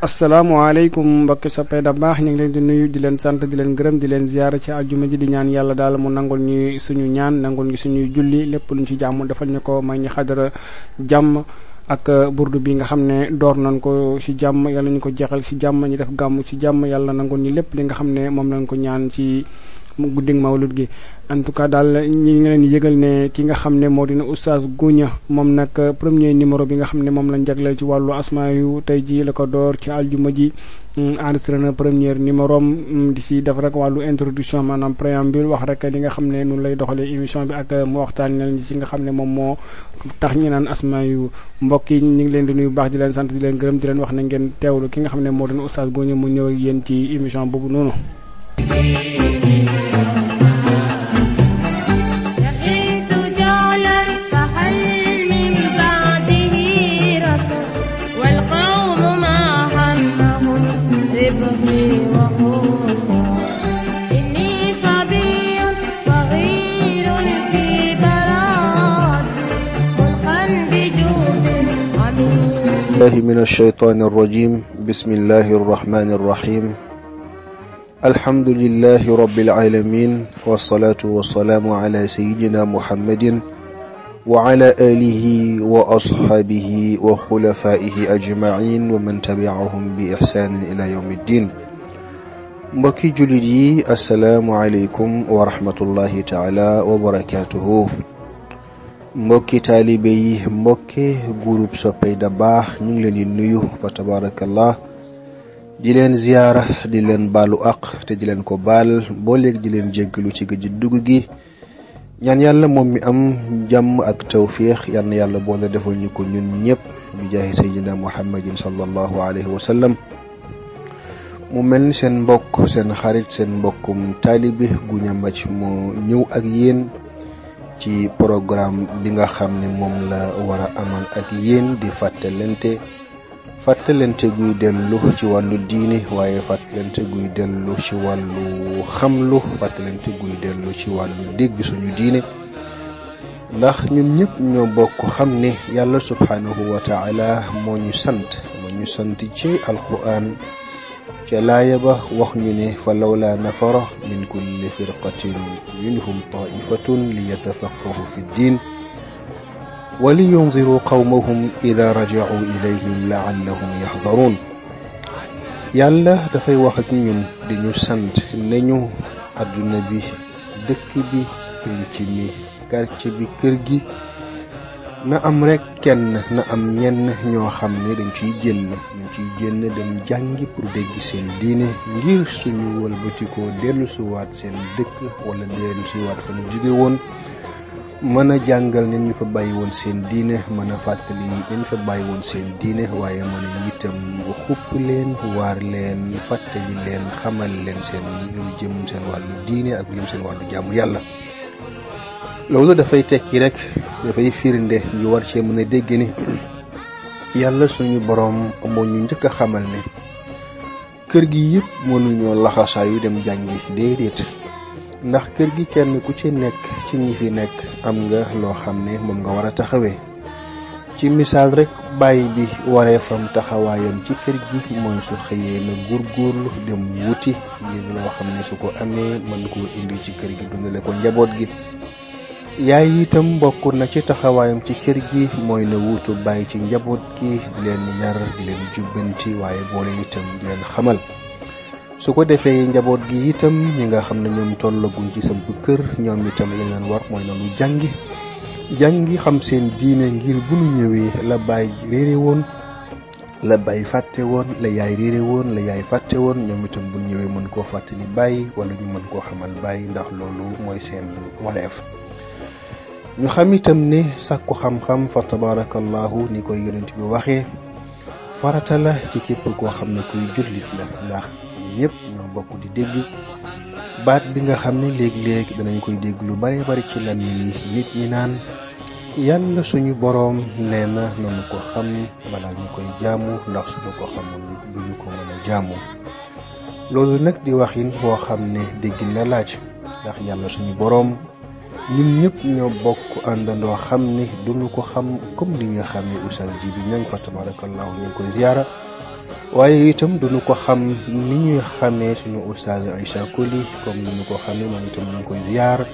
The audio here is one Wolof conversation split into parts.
asalaamaaleykum mbokki soppe da baax ñu ngi leen di nuyu di leen sant di leen gërëm di leen ziyaara ci aljuma ji di ñaan yàlla daal mu nangul ñu suñu ñaan nangoon ñu suñuy julli lépp luñ ci jàmm defal ñu ko may ñu xadara jàmm ak euh, burdu bi nga xam ne door nañ ko ci jàmm yàlla ñu ko jeexal ci jàmm ñu def gàmmu ci jàmm yàlla nangoon ñu lépp li nga xam ne moom lañ ko ñaan ci guddi mawlud gi en tout cas daal ñi ngi leen yëgal ne ki nga xam ne moo dina oustaz Gounia moom nag premier numéro bi nga xam ne moom lañ jagleel ci wàllu asmaa yu tey jii la ko door ci aljuma ji mm, enregistré na premier numéro am mm, di si def rek wàllu introduction maanaam préambule wax rek li nga xam ne nun lay doxalee émission bi ak mu mm, waxtaan leen si nga xam ne moom moo tax ñi naan asmaa yu mbokk yi ñu ngi leen di nuyu baax di leen sant di leen gërëm di leen wax na ngeen teewlu ki nga xam ne moo dina oustaz Gounia mu ñëw ak ci émission boobu noonu. بالله من الشيطان الرجيم بسم الله الرحمن الرحيم الحمد لله رب العالمين والصلاة والسلام على سيدنا محمد وعلى آله وأصحابه وخلفائه أجمعين ومن تبعهم بإحسان إلى يوم الدين mbokki jullit yi asalaamualeykum wa rahmatullahi taala wa barakatuhu mbokki taalibe yi mbokki groupe soppey da baax ñu ngi leen di nuyu fa tabaarakallah di leen ziyaara di leen baalu ak te di leen ko baal boo di leen jéggalu ci gëj dugg gi ñaan yàlla moom mi am jàmm ak tawfiix yal na yàlla boole defal ñu ko ñun ñëpp bi jaahi sayyidina muhammadin sallallahu alayhi wa mu mel ni seen mbokk seen xarit seen mbokkum taalibe gu ñambac moo ñëw ak yéen ci programme bi nga xam ne moom la war a amal ak yéen di fàttalante fàttalante guy dellu ci wàllu diine waaye fàttalante guy dellu ci wàllu xamlu fàttalante guy dellu ci wàllu dégg suñu diine ndax ñun ñëpp ñoo bokk xam ne yàlla subhaanahu wa taala moo ñu sant moo ñu sant ci alquran ca laaya ba wax ne fa lawla nafara min kulli firqatin minhum taifatun li yatafaqahu fi ddin wa li yunziru qawmahum ida rajacu ilayhim laallahum yaxzaruun yàlla dafay wax ak ñun di ñu sant nañu àdduna bi dëkk bi penc kër gi na am rek kenn na am ñenn ñoo xam ne dañ ciy génn dañ ciy génn dem jàngi pour dégg seen diine ngir suñu wëlbatikoo dellu suwaat seen dëkk wala den suwaat fa ñu jóge woon mën a jàngal nit ñu fa bàyyi woon seen diine mën a fàttali dañ fa bàyyi woon seen diine waaye mën a itam nga xupp leen waar leen fàttali leen xamal leen seen lu jëm seen wàllu diine ak lu jëm seen wàllu jaamu yàlla loolu dafay tekki rek dafay firnde ñu war cee mën a dégg ni yàlla suñu boroom moo ñu njëkk a xamal ne kër gi yëpp mënuñoo laxasaayu dem jàngi déedéet ndax kër gi kenn ku ci nekk ci ñi fi nekk am nga loo xam ne moom nga war a taxawee ci misaal rek bàyyi bi waree fam taxawaayam ci kër gi mooy su xëyee na góorgóorlu dem wuti ngir loo xam ne su ko amee mën koo indi ci kër gi dundale ko njaboot gi yaay itam bokk na ci taxawaayam ci kër gi mooy na wuutu bàyyi ci njaboot gi di leen yar di leen jubbanti waaye boole itam di leen xamal su ko defee njaboot gi itam ñi nga xam ne ñoom tollaguñ ci samp kër ñoom itam li leen war mooy na lu jàngi jàngi xam seen diine ngir bu nu ñëwee la bàyyi réere la bàyyi fàtte woon la yaay réere woon la yaay fàtte woon ñoom itam bu ñëwee mën koo fàttali bàyyi wala ñu mën koo xamal bàyyi ndax loolu mooy seen ñu xam itam ne sàkku xam-xam fa tabarakallahu ni koy yonent bi waxee farata la ci képp koo xam ne kuy jullit la ndax ñëpp ñoo bokk di dégg baat bi nga xam ne léeg-léeg danañ koy dégg lu bare bari ci làmmiñ yi nit ñi naan yàlla suñu boroom nee na nanu ko xam balaa ñu koy jàmm ndax suñu ko xamul duñu ko mën a loolu nag di waxin boo xam ne dégg na laaj ndax yàlla suñu boroom ñun ñëpp ñoo bokk àndandoo xam ni duñu ko xam comme li nga xam ne Oustaz Djibi Niang fa tabarakallahu ñu ngi koy ziyaara waaye itam duñu ko xam ni ñuy xamee suñu Oustaz Aïcha Koli comme ni ñu ko xamee moom itam ñu ngi koy ziyaara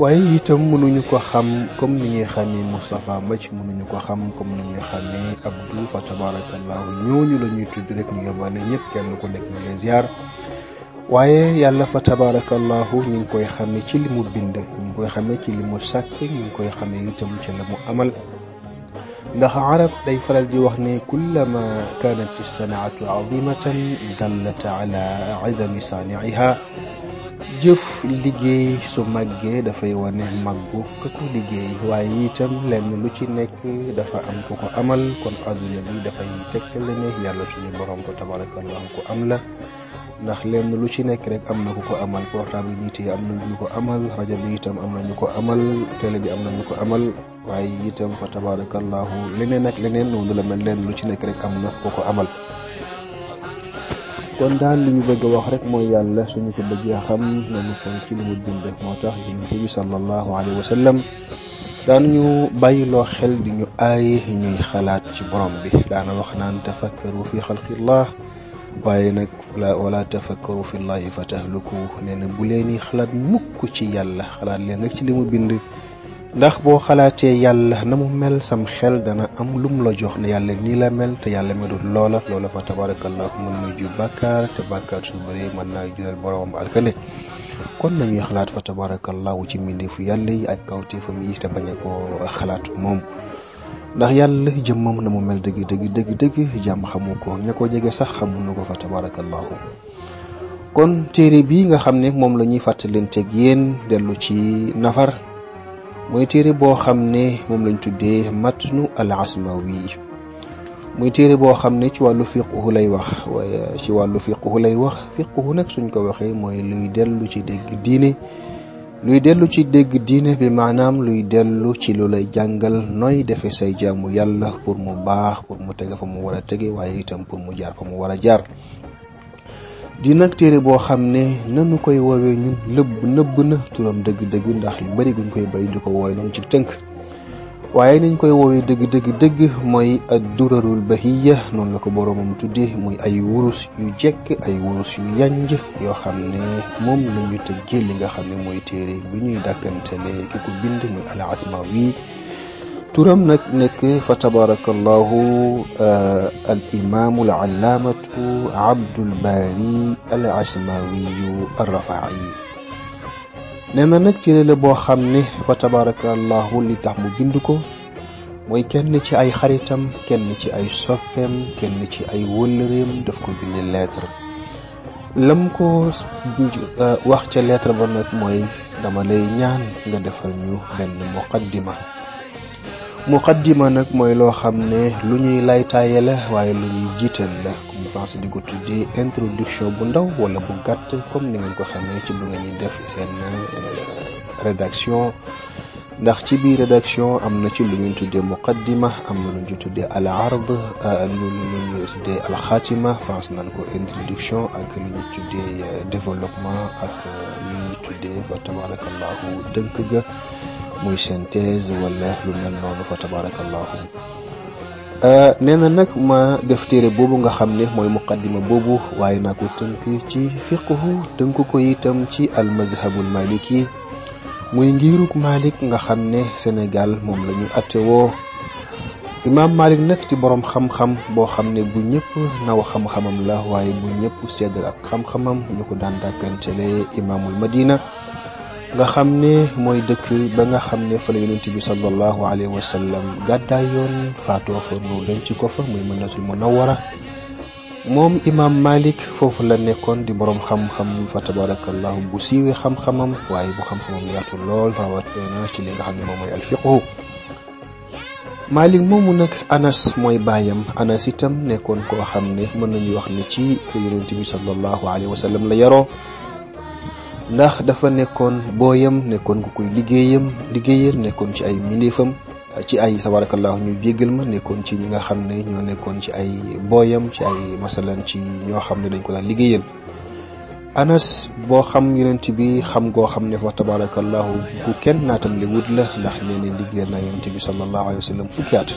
waaye itam mënuñu ko xam comme ni ñuy xamee Moustapha Mbacc mënuñu ko xam comme ni ñuy xamee Abdou fa tabarakallahu ñooñu la ñuy tudd rek ñu yóbbaale ñëpp kenn ku nekk ñu ngi ziyaar waaye yàlla fa tabarakallahu ñu ngi koy xame ci li mu bind ñu ngi koy xame ci li mu sàkk ñu ngi koy xame itam ci la mu amal ndax arab day faral di wax ne kullama kaanat sanaatu azimatan dallat ala idami saaniiha jëf liggéey su màggee dafay wane màggu ka ko liggéey waaye itam lenn lu ci nekk dafa am ku ko amal kon adduna bi dafay tekkale ne yàlla suñu borom ko tabarakallahu ku am la ndax lenn lu ci nekk rek am na ku ko amal portable yi téye am ko amal rajo bi itam am na ñu ko amal télé bi am na ñu ko amal waaye itam fa tabarakallahu leneen ak leneen noonu la mel lu ci nekk rek am na ko amal kon li ñu bëgg a wax rek mooy yàlla suñu ko bëggee xam nañu ko ci li mu bind moo tax yonent bi sallallahu alayhi wa sallam daanuñu bàyyiloo xel di ñu aaye ñuy xalaat ci borom bi daana wax naan tafakkaru fi xalqillah waaye nag wala wala tafakkaru fi llahi fa tahluku nee na bu leen xalaat mukk ci yàlla xalaat leen rek ci li mu bind ndax boo xalaatee yàlla na mu mel sam xel dana am lum la jox ne yàlla nii la mel te yàlla melul loola loola fa tabarakallahu mën na jur bàkkaar te bàkkaar su bëree mën naa jural boromam alkane kon nañuy xalaat fa tabarakallahu ci mbindeefu yàlla yi ak kawteefam yi te bañ a xalaat moom ndax yàlla jëmmam na mu mel dëgg dëgg dëgg dëgg jàmm xamu ko ña ko jege sax xamuñu ko fa tabarakallahu kon téere bi nga xam ne moom la ñuy teg yéen dellu ci nafar mooy téere boo xam ne moom lañ tuddee matnu al asmawi muy téere boo xam ne ci wàllu fiqhu lay wax waaye ci wàllu fiqhu lay wax fiqhu nag suñ ko waxee mooy luy dellu ci dégg diine luy dellu ci dégg diine bi maanaam luy dellu ci lu lay jàngal nooy defe say jaamu yàlla pour mu baax pour mu tege fa mu war a tege waaye itam pour mu jaar fa mu wara a jaar di nag téere boo xam ne nanu koy woowee ñun lëbb nëbb na turam dëgg-dëgg ndax lu bari guñ koy bay di ko wooy nañ ci tënk waaye nañ koy woowee dëgg dëgg dëgg mooy ad durarul bahiya noonu la ko boroomam tudde muy ay wurus yu jekk ay wurus yu yanj yoo xam ne moom la ñu tëggee li nga xam ne mooy téere bi ñuy dàkkantale ki ko bind muy al asmawi turam nag nekk fa tabarakallahu euh, al imaamu al allaamatu abdul baari al asmawiyu al rafaayi nee na nag téere boo xam ne fa tabarakallahu li tax mu bind ko mooy kenn ci ay xaritam kenn ci ay soppeem kenn ci ay wëllëreem daf ko bind lettre lam ko euh, wax ca lettre ba nag mooy dama lay ñaan nga defal ñu benn muqaddima muqaddima nag mooy loo xam ne lu ñuy laytaaye la waaye lu ñuy jiital la comme français di ko tuddee introduction bu ndaw wala bu gàtt comme ni ngeen ko xamee ci bu ngeen di def seen euh, rédaction ndax ci biir rédaction am na ci lu ñuy tuddee muqaddima am na lu ñu tuddee al ard euh, lu ñu tuddee al xaatima France nan ko introduction ak lu ñu tuddee euh, développement ak lu ñu tuddee fa tabarakallahu dënk ga muy seen thèse lu mel noonu fa tabarakallahu euh, nee na nag ma def téere boobu nga xam ne mooy muqaddima boobu waaye naa ko tënk ci fiqhu tënk ko itam ci almazhabul maliki muy ngiruk Malik nga xam ne senegal moom la ñu attewoo imaam Malik nag ci boroom xam-xam boo xam ne bu ñëpp naw xam-xamam la waaye bu ñëpp seddal ak xam-xamam ñu ko daan dàkkantele imaamul Madina nga xam ne mooy dëkk ba nga xam ne fa la yonent bi sallallahu alayhi wa sallam gàddaay yoon faatoo fa nu ci ko fa muy mënatul munawwara moom imaam Malik foofu la nekkoon di boroom xam-xam fa tabarakallahu bu siiwee xam-xamam waaye bu xam-xamam yaatu lool rawatina ci li nga xam ne moom mooy alfiqhu Malik moomu nag Anas mooy baayam Anas itam nekkoon koo xam ne mën nañu wax ni ci yonent bi sallallahu alayhi wa sallam la yaroo ndax dafa nekkoon booyam nekkoon ku koy liggéeyam liggéeyal nekkoon ci ay miliifam ci ay tabarakallahu ñu jéggal ma nekkoon ci ñi nga xam ne ñoo nekkoon ci ay booyam ci ay masalan ci ñoo xam ne dañ ko daan liggéeyal anas boo xam yonent bi xam goo xam ne fa tabarakallahu ku kenn naatam li wut la ndax nee ne liggéeyal naa yonent bi sallallahu alayhi wa sallam fukki at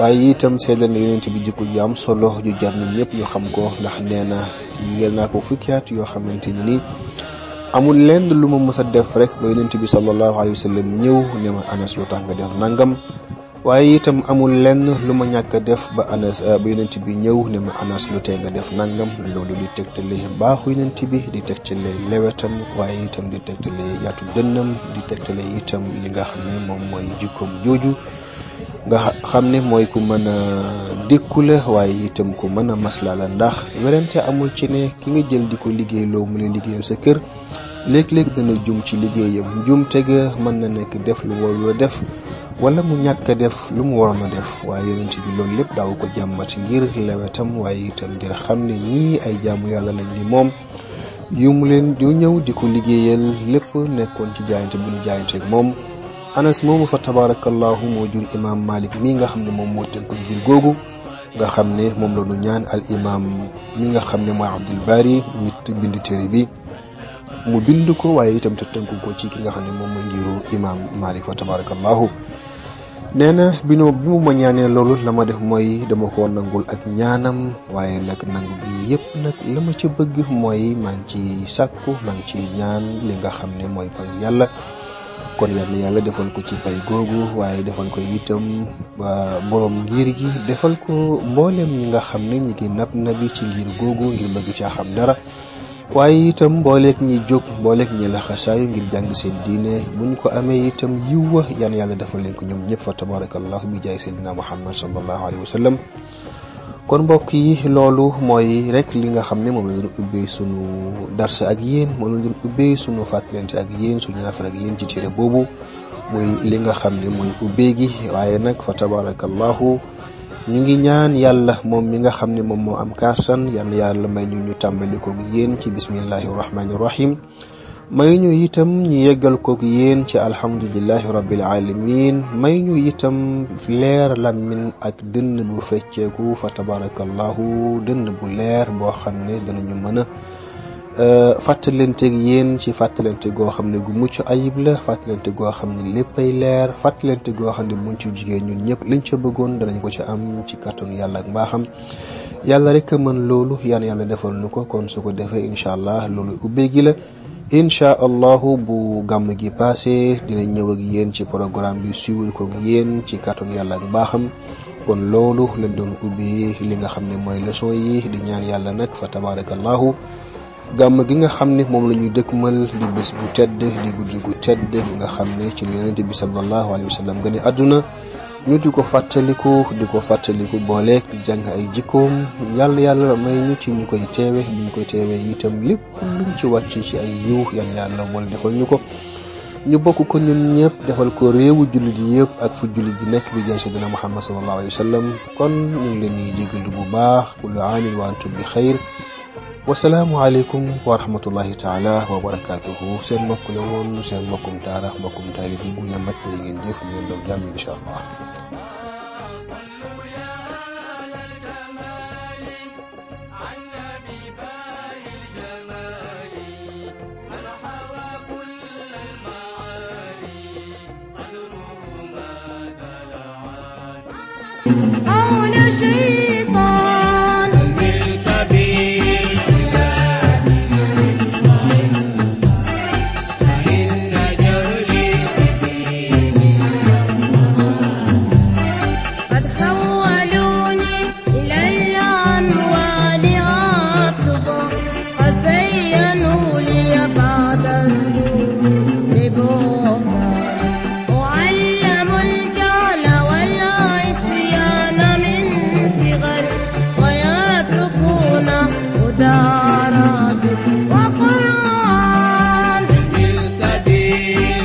waaye itam seetla na yonent bi jikko ju am solo ju jar ñun ñëpp ñu xam ko ndax nee na liggéeyal naa ko fukki yoo xamante ni nii amul lenn lu ma mës a def rek ba yonent bi sallallahu alayhi wa sallam ñëw ne ma anas lu tax nga def nangam waaye itam amul lenn lu ma ñàkk def ba anas eh, ba yonent bi ñëw ne ma anas lu tee nga def nangam loolu di tegtale baaxu yonent bi di teg tegtale lewetam waaye itam di tegtale yaatu dënnam di teg tegtale itam li nga xam ne moom mooy jikkoom jooju nga xam ne mooy ku mën a dékku la waaye itam ku mën a maslaa la ndax werante amul ci ne ki nga jël di ko liggéey loo mu ne liggéeyal sa kër léeg-léeg dana jum ci liggéeyam jum tega mën na nekk def lu warul def wala mu ñàkk a def lu mu waroon a def waaye yonent bi loolu lépp daaw ko jàmbat ngir lewetam waaye itam ngir xam ne ñii ay jaamu yàlla lañ ni moom yu mu leen yu ñëw di ko liggéeyal lépp nekkoon ci jaayante bu ñu jaayanteeg moom anas moomu moo jur imaam malik mii nga xam ne moom moo tënk ngir googu nga xam ne moom la ñaan al imaam mi nga xam ne mooy abdul bari nit bind téere bi mu bind ko waaye itam te tënku ko ci ki nga xam ne moom mooy ngiru imam Malik fa tabarakallahu nee na bi no bi mu ma ñaanee loolu la ma def mooy dama ko nangul ak ñaanam waaye nag nangu gi yëpp nag la ma ci bëgg mooy maa ci ciy sàkku maa ngi ñaan li nga xam ne mooy pay yàlla kon yàlla yàlla defal ko ci pay googu waaye defal ko itam borom ngir gi defal ko mboolem ñi nga xam ne ñi ngi nab nabi ci ngir googu ngir bëgg caa xam dara waaye itam mbooleeg ñi jóg mbooleeg ñi laxasaayu ngir jàng seen diine bu ñu ko amee itam yiwa yan yàlla defal leen ñoom ñëpp fa tabarakallahu bi jaay seydina muhammad sallallahu alayhi wa sallam kon mbokk yi loolu mooy rek li nga xam ne moom la doon ubbee sunu darsa ak yéen moom la doon ubbee sunu fàttalante ak yéen suñu nafar ak yéen ci téere boobu muy li nga xam ne mooy ubbee gi waaye nag fa tabarakallahu ñu ngi ñaan yàlla moom mi nga xam ne moom moo am karsan yal yàlla may ñu ñu tàmbali koog yéen ci bismillahi rahmaani rahim may ñu itam ñu yeggal koog yéen ci alhamdulillahi rabbil alamin may ñu itam leer làmmiñ ak dënn bu fecceeku fa tabarakallahu dënn bu leer boo xam ne danañu mën a Euh, fàttalanteeg yéen ci fàttalante goo xam ne gu mucc ayib la fàttalante goo xam ne léppay leer fàttalante goo xam ne buñ ci jigéen ñun ñëpp liñ ca bëggoon danañ ko ci am ci kàttanu yàlla ak mbaaxam yàlla rek mën loolu yaan yàlla defal nu ko kon su ko defee incha allah loolu ubbee gila la allahu bu gàmm gi passé dina ñëw ak yéen ci programme bi suivre ko ak yéen ci kàttanu yàlla ak mbaaxam kon loolu lañ doon ubbee li nga xam ne mooy leçon yi di ñaan yàlla nag fa tabaarakallahu gàmm gi nga xam ni moom la ñuy dëkkmal di bés bu tedd di guddi gu tedd gi nga xam ne ci li yonent bi sallallahu alayhi wa sallam nga ni àdduna ñu di ko fàttaliku di ko fàttaliku booleeg di jàng ay jikkoom yàlla yàlla may ñu ci ñu koy teewe ñu koy teewe itam lépp luñ ci wàcc ci ay yiw yan yàlla wala defal ñu ko ñu bokk ko ñun ñëpp defal ko réewu jullit yi yëpp ak fu jullit yi nekk bi jaay seydina muhammad sallallahu alayhi wa sallam kon ñu ngi leen di jégalu bu baax kullu aamin wa bi xayr wasalaamualeykum wa rahmatullahi taala wa barakaatuhu seen mbokk la woon seen mbokkum daara mbokkum taalib yi bu ñu mbàkk yi ngeen jëf ñu yendoo jàmm incha allah. أو نشيد